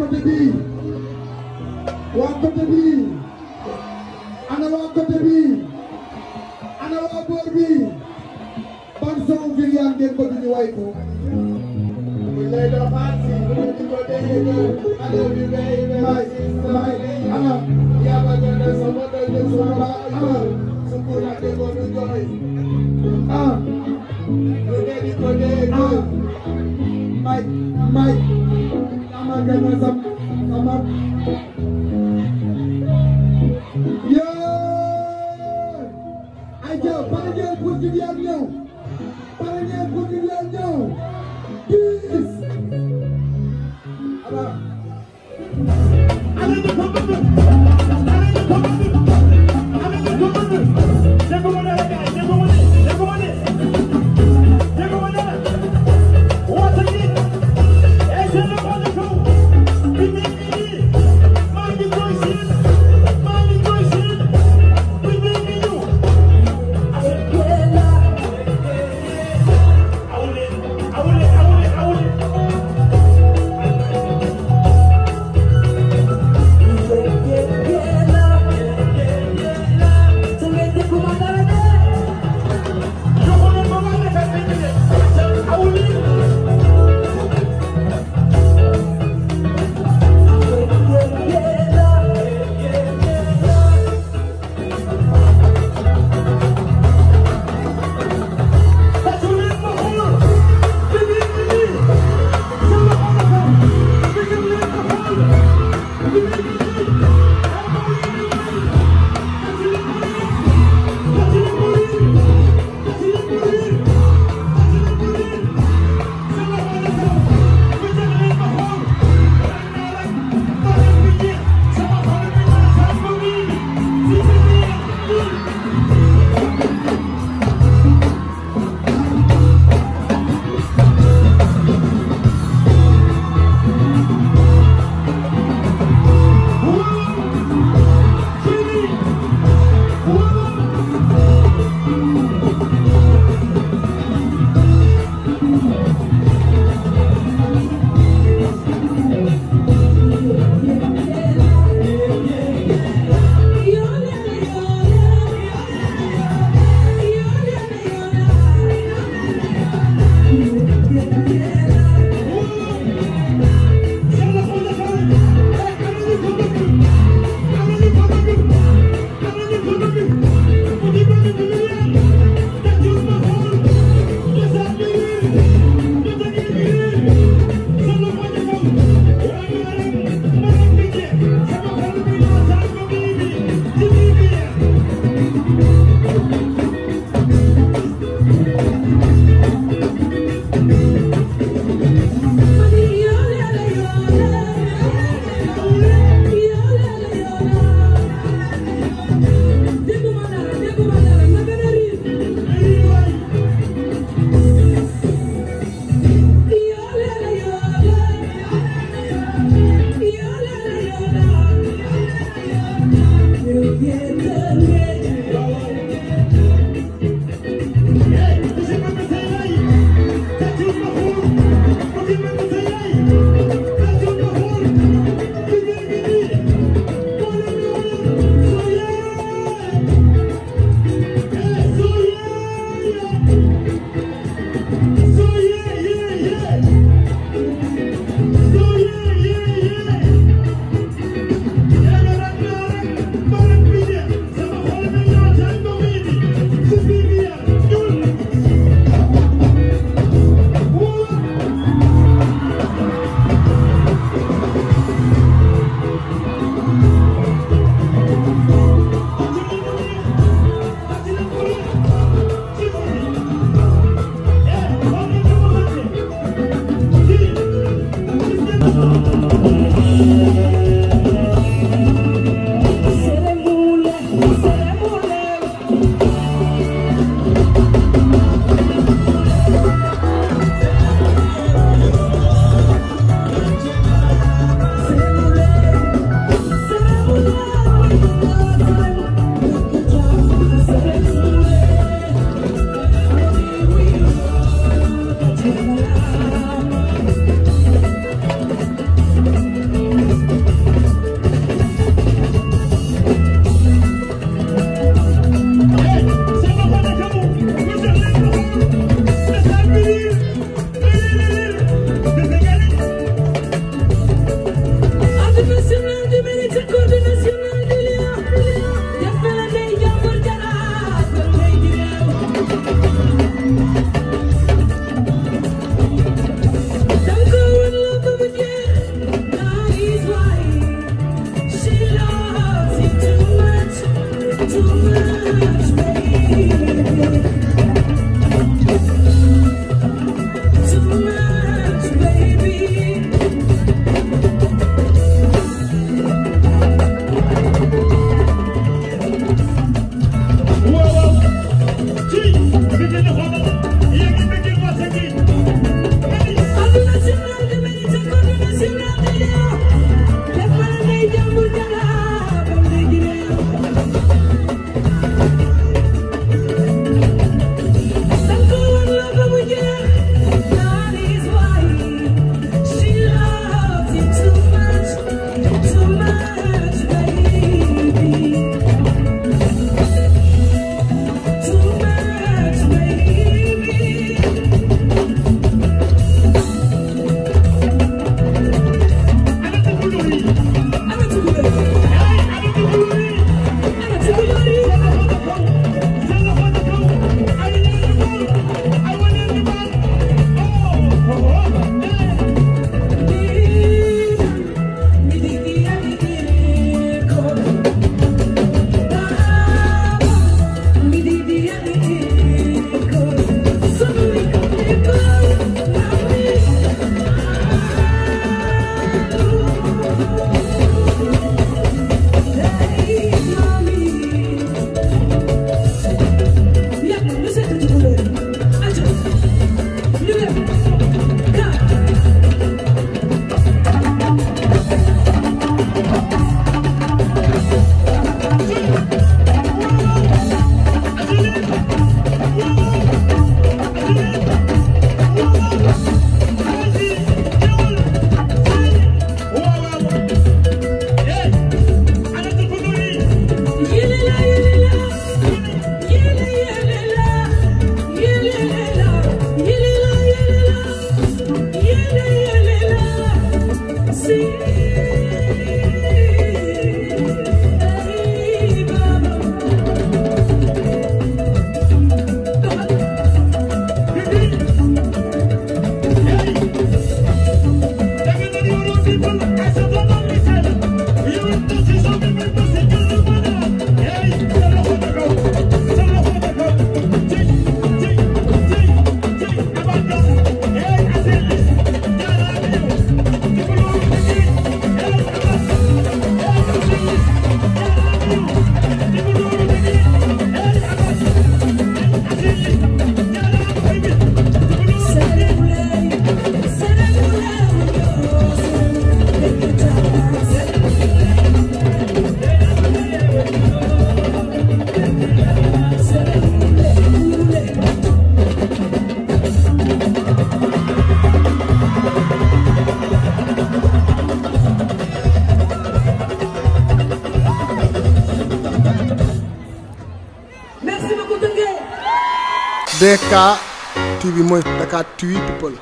côté bii waa côté bii ana waa côté bii ana waa boor bii ban son Viviane ngeen bëgg ñu way ko lay do fancy di ko dégg ana bi bay bay bay ana ya ba gën a sama dëgg sama ba ana suku la de ko du joy ah di ko dégg may may Ndiaye mooy sama sama thank you DK TV mooy Dakar TV people